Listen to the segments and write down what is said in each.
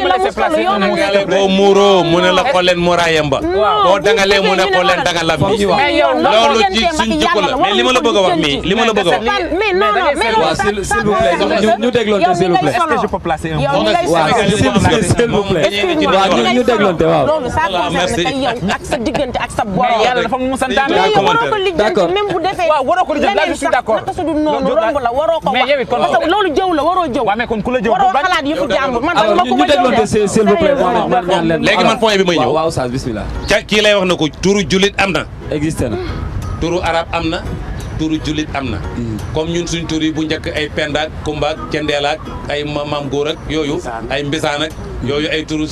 mu la muskalu yow mu la muskalu boo muuroo mu ne la xolleen muraayam ba. Hmm. boo dangalee mu ne xolleen dangalam bi. loolu a suñ jikko la mais li ma la bëgg a wax nii li ma la bëgg a wax. mais non non mais waaw s'il vous plaît ñu dégloonte s'il vous plaît. est-ce que je peux waroo ko waroo ko waroo ko waroo jëw. waroo xalaat déglante s'il man point bi may ñëw waaw Oustaz bismillah ca kii lay wax na ko turu jullit am na existé na turu arab am na turu jullit am na hmm. comme ñun suñ tur yi bu njëkk ay pendaak kumbaak cendeelaak ay maam góor ak yooyu ay mbisaan ak hmm. yooyu ay turu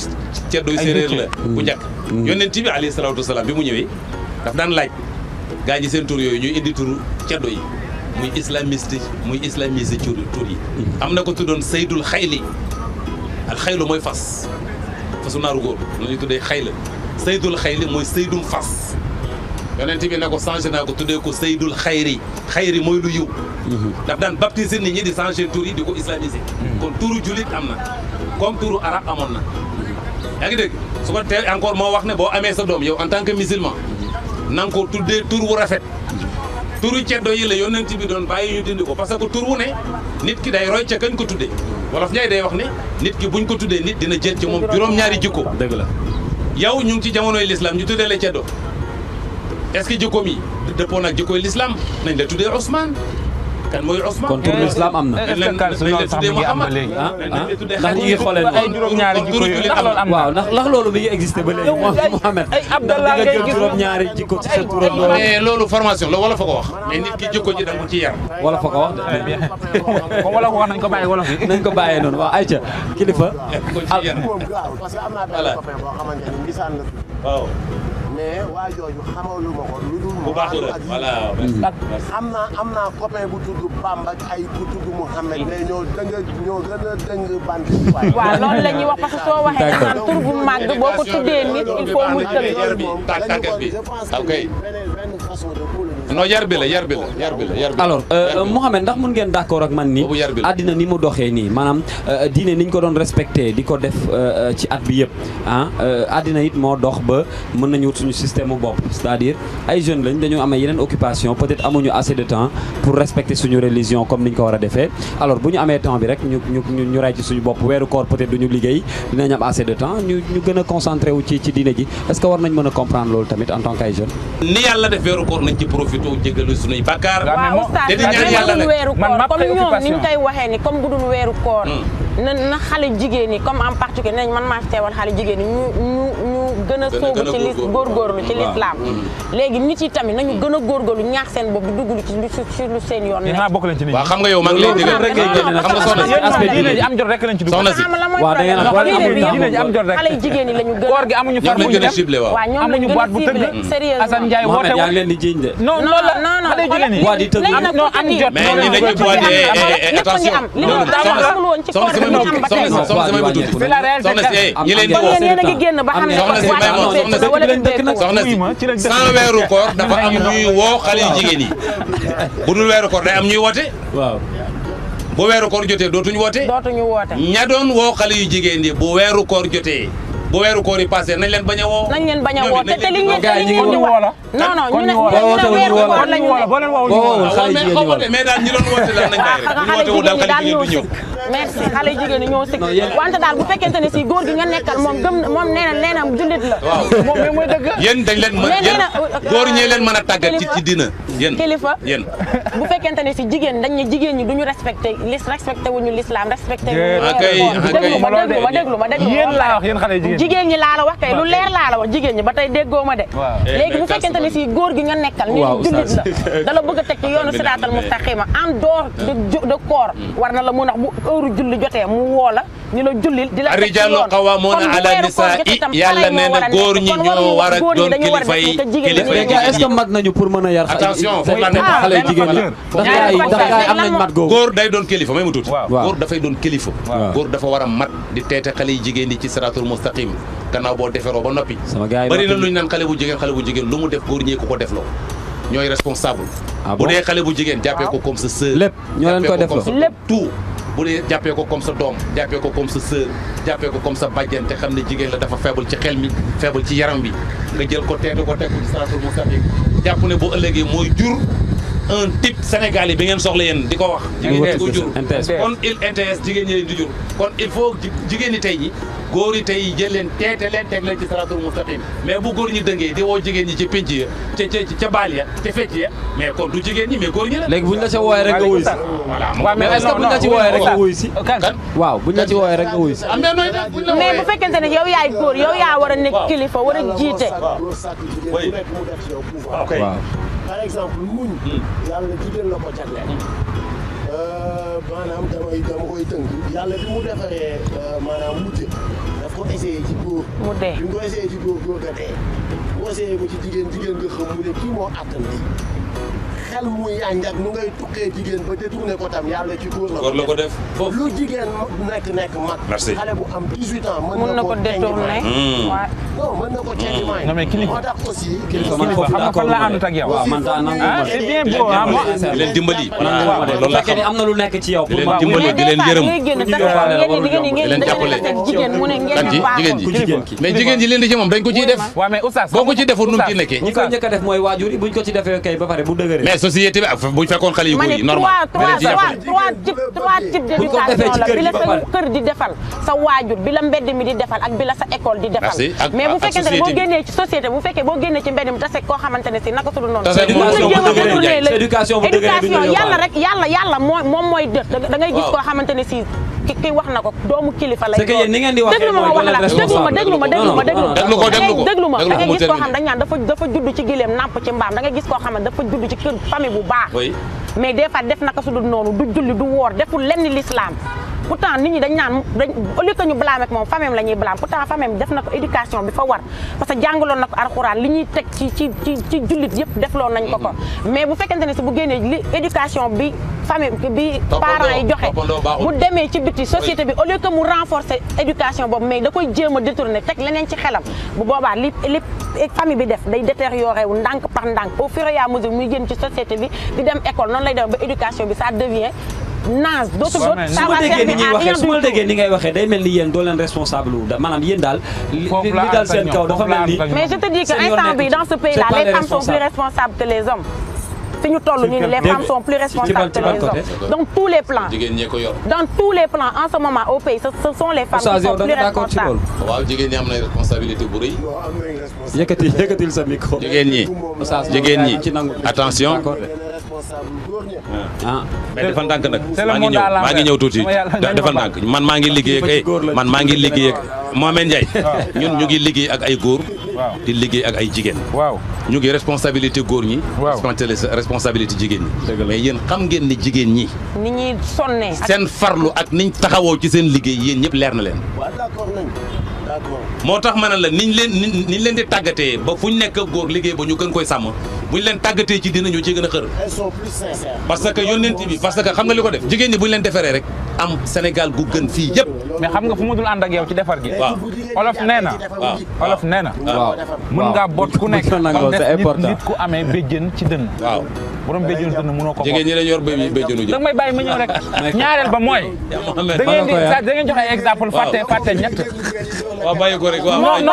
ceddoy séeréer la bu njëkk hmm. yonent bi alayhi salaatu wasalaam bi mu ñëwee daf daan laaj gaa ñi seen tur yooyu ñu indi turu ceddo yi muy islamiste muy islamiste tur tur yi am na ko tuddoon Seydul Xayli al xaylu mooy fas fasu naaru góor la ñuy tuddee xayla saydul xayli mooy saydum fas yonent bi ne ko changé naa ko tuddee ko saydul xayri xayri mooy lu yiw mhm. ndax daan baptiser nit ñi di changé tur yi di ko islamiser mhm. kon turu julit am na comme turu arab amoon na mhm. yaa ngi dégg su ko tee encore moo wax ne boo amee sa doom yow en tant que musulman na nga ko tuddee tur wu rafet turu ceddo yi la yonent bi doon bàyyi ñu dindi ko parce que tur wu ne nit ki day roy ko tuddee wolof Njaay day wax ni nit ki buñ ko tuddee nit dina jël ci moom juróom-ñaari jikko dëgg la yow ñu ngi ci jamonoy lislaam ñu tuddee la ceddo est-ce que jikkoom yi dëppoon ak jikkooy lislaam nañ la tuddee Ousmane kan mooy Ousmane kon tur l'islam am na. est-ce que kan su ah, ah. loolu sax ngi am ba léegi. ndax ngi xoolee ay am ndax ndax loolu mi ngi gis juróom-ñaari jikko ci sa turam loolu. mais eh, loolu formation la wala fa ko wax. mais nit ki jikko ci yar. wala fa ko wax de. kon wala ko nañ ko bàyyi wala fi. nañ ko bàyyee noonu waaw ayca kilifa. que am naa benn mais waa jooju xamalu ma ko lu dul moom ak am naa am naa copain bu tudd Bamba ak ay bu tudd Mouhamed mais ñoo dëng ñoo gën a dëng bant waaw loolu la ñuy wax parce que soo waxee naan tur bu màgg boo ko tuddee nit il faut mu tënk non yar bi la yar bi la yar bi la euh, ndax mun ngeen d' ak man ni àddina ni mu doxee nii maanaam euh, diine ni ko doon respecté di ko def euh, ci at bi yëpp ah, àddina it moo dox ba mën nañu wut suñu système mu bopp c' est à dire ay jeunes lañ dañoo amee yeneen occupation peut être amuñu assez de temps pour respecter suñu religion comme ni ko war a defee alors bu ñu amee temps bi rek ñu ñu ñu ray ci suñu bopp weeru koor peut être duñu liggéey dinañ am assez de temps ñu ñu gën profité jégalu sunuy bàkkaar. waaw oustaz man man man man man man na na xale jigéen ñi comme en particulier nañ man maa teewal xale jigéen ñu ñu ñu a sóobu ci li góorgóorlu ci lislaam mm. léegi nit yi tamit nañu gën a góorgóorlu ñaax seen bopp dugg ci lu seen yoon nekk bokk leen ci nit xam nga yow si aspect diine ji am jot rek lañ ci dugg soxna si waaw far buñu dem waaw ñoom lañu boîte bu tëgg sérieusement Assane Ndiaye woote woon yaa ngi leen di jiñ de am jot mais ñi dañu c'est la réalité ñi leen di woo soxna si génn ba xam ne soxna si sans weeru koor dafa am ñuy woo xale yu jigéen yi bu dul weeru koor day am ñuy woote waaw bu weeru koor jotee dootuñu woote dootuñu woote ña doon woo xale yu jigéen yi bu weeru koor jotee bu weeru koor yi passé nañ leen bañ a woo. nañ leen bañ a woo te te li ñu ñu ngi woo la. non non ñu ne weeru koor la ñu ne. boo leen woowul ñu woo la mais daal ñi doon woote la nañ bàyyi rek bu ñu wootewul daal xale jigéen du ñëw. merci xale jigéen ñi ñoo sëg wante daal bu fekkente ne si góor gi nga nekkal moom gëm moom nee na nee na jullit la moom mais mooy dëgg yéen dañ leen mën yéen góor ñee leen mën a tàggat ci ci dina yéen kilifa yéen bu fekkente ne si jigéen dañ ne jigéen ñi duñu respecté lis respecté wuñu l'islam respecté déglu ma déglu ma déglu ma déglu yéen laa wax yéen xale jigéen jigéen ñi laa la wax kay lu leer laa la wax jigéen ñi ba tey déggoo ma de eh, léegi bu eh, fekkente ne si góor gi nga nekkal ni jullit la dala bëgg a teg ci yoonu siraatal mustaqima en dehors de corps war na la mën a wax bu heure julli jotee mu woo la ni la jullil di la a qawaamuuna ala nisaa yàlla nee na góor ñi ñoo war a doon kilifa yi kilifa yi est-ce que mat nañu pour mën a yar attention foofu laa nekk xale mat góor day doon kilifa may mu tuuti góor dafay doon kilifa góor dafa war mat di teete xale yi jigéen ci siraatul mustaqim gannaaw boo deferoo ba noppi bëri na lu ñu naan xale bu jigéen xale bu jigéen lu mu def góor ñi ko ko defloo ñooy responsable ah bu dee xale bu jigéen jàppee ko comme sa bu dee jàppee ko comme sa doom jàppee ko comme sa sœur jàppee ko comme sa bàjjen te xam ne jigéen la dafa feebal ci xel mi feebal ci yaram wi nga jël ko teetu ko teg ko ci siraatul mustaqiim jàpp ne bu ëllëgee mooy jur un type sénégalais bi ngeen soxla yenn di ko wax jigéen ñi ko jur kon il NTS jigéen ñi leen di jur kon il faut jigéen ñi tey ñi góor yi tey jël leen teete leen teg leen ci saratul mustaqim mais bu góor ñi dëngee di woo jigéen ñi ci pénc ya ca ca ca fecc ya mais kon jigéen ñi mais góor ñi la. bu ñu la ca wooyee rek nga wuyu si. voilà mais est-ce que bu ñu la ci wooyee rek nga wuyu si. waaw bu ñu la yow yaay góor yow yaa war a nekk kilifa war a jiite. maanaam damay dama koy tënk yàlla bi mu defaree euh, maanaam mujj daf ko ci góor. mu dee bi mu ci góor góor ga dee. mu ci jigéen jigéen nga xam mu kii moo àttan lii. xel muy ànd ak nu tukkee jigéen ba te tourné ko tam def foofu na ko détourné hmm. non mën na ko teggi hmm. maay. non ko xam nga fan ma ah, ah, ah, na lu nekk ci yow. di jigéen ji mais jigéen ji leen ci moom dañ ko ciy def. boo ko ci defoon nu mu nekkee. ñi ko njëkk a def mooy waajur buñ ko ci defee kay ba pare bu dëgëree société bi ah, bu fekkoon xale yu bëri normal trois trois types trois types la bi la sa kër di defal sa waajur bi mbedd mi di defal ak bi sa école di defal mais bu fekkee ne boo génnee ci société bu fekkee boo génnee ci mbedd mi tase koo xamante ne si naka su dul noonu éducation yàlla rek yàlla yàlla moom mooy dë da gis koo xamante si ki ki wax na ko doomu kilifa lay doon ni ngeen di waxee déglu ma wax la déglu ma déglu ma déglu ma déglu ma déglu ko déglu ma da ngay gis koo xam dañ naan dafa dafa judd ci gileem nàmp ci mbaam da ngay gis koo xam ne dafa judd ci kër famille bu baax mais des fois def naka su dul noonu du julli du woor deful lenn l'islam temps nit ñi dañ naan dañ au lieu que ñu blâmer moom famem la ñuy blâmer pourtant famem def na ko éducation bi fa war parce que jàngaloon na ko alxuraan li ñuy teg ci ci ci ci jullit yëpp defloon nañ ko ko mm-hmm. mais bu fekkente ne si bu génnee li éducation bi famille bi parents yi joxe bu demee ci biti société bi au lieu mu renforcer éducation boobu mais da koy jéem a détourner teg leneen ci xelam bu boobaa li li famille bi def day détérioré wu ndànk par ndànk au fur et à mesure muy ci société bi di dem école noonu lay dem bi ça devient naas dootu ko su ma déggee ni ngay waxee day mel ni yéen doo responsable wu da maanaam daal li daal seen dafa mel ni mais je te dis que instant dans ce pays là les femmes sont plus responsables que les hommes fi ñu toll les femmes sont plus responsables que les hommes dans tous les plans en ce moment au pays ce sont les femmes qui sont plus responsables waaw jigéen ñi am na sa micro attention ah mais dafa nag maa ngi ñëw maa ngi ñëw tuuti dafa ndànk man maa ngi liggéey ak ay man maa ngi liggéey ak Mohamed ah. ñun ñu ngi liggéey ak ay góor di liggéey ak ay jigéen waaw ñu ngi responsabilité góor ñi responsabilité jigéen ñi yéen xam ngeen ni jigéen ñi ni ñuy sonnee seen farlu ak niñ taxawoo ci seen liggéey yéen ñëpp leer na leen moo tax ma ne la niñ leen niñ leen di tàggatee ba ñu nekk góor liggéey ba ñu gën koy sàmm bu ñu leen tàggatee ci dina ñoo ci gën a xër parce que yónneent bi parce que xam nga li ko def jigéen ñi bu ñu leen defaree rek am Sénégal gu gën fii yëpp mais xam nga fu ma dul ànd ak yow ci defar gi waaw olof nee na waaw nee na waaw mën ngaa bot ku nekk def nit ku amee béjjën ci dënn waaw borom béjjënu dënn ko ko jigéen ñi lañ yor may bàyyi ma ñëw rek ñaareel ba mooy da di da ngeen joxe exemple fàtte fàtte ñett waaw bàyyi ko rek waaw non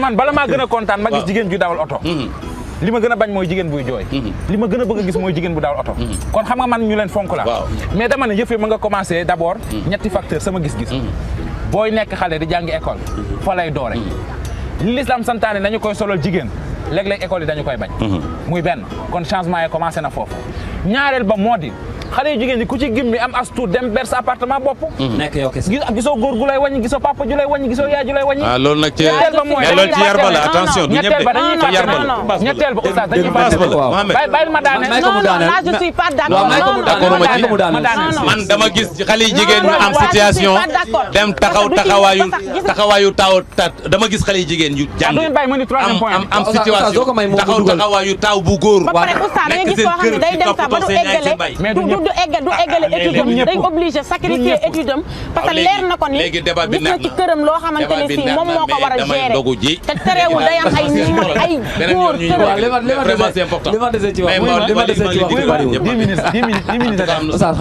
man bala maa gën a kontaan ma gis jigéen ju dawal oto mhm. li ma gën a bañ mooy jigéen buy jooy mhm. li ma gën a bëgg a gis mooy jigéen bu dawal oto mhm. kon xam nga man ñu leen fonk la mais dama ne yëf yi ma nga commencé d'abord ñetti facteur sama gis-gis booy nekk xale di jàngi école fa lay doore li l'islam santaane nañu koy solol jigéen léeg-léeg école dañu koy bañ muy benn kon changement yi commencé na foofu ñaareel ba moo di xale yu jigéen ñi ku ci gimmi am as tuut dem ber sa appartement bopp. Mhm. nekk yow kese gisoo góor gu lay wàññi gisoo papa ju lay wàññi gisoo yaay ju lay wàññi. waaw ah, loolu nag ci mais loolu ci yarba la attention du ñëpp de yarba la ñetteel ba oustaz dañuy baax bàyyil ma daane non non là je suis pas d'accord man dama gis xale yu jigéen ñu am situation dem taxaw taxawaayu taxawaayu taaw dama gis xale yu jigéen yu ah, jàng am am situation taxaw taxawaayu taaw bu góor nekk seen kër di toppatoo seen yaay seen bay pour du egg du ah, ah, eggale étude am ah, parce que leer na ko ni léegi débat na moom moo ko war a gérer te terewul day am ay numéro ay góor këram vraiment c'est important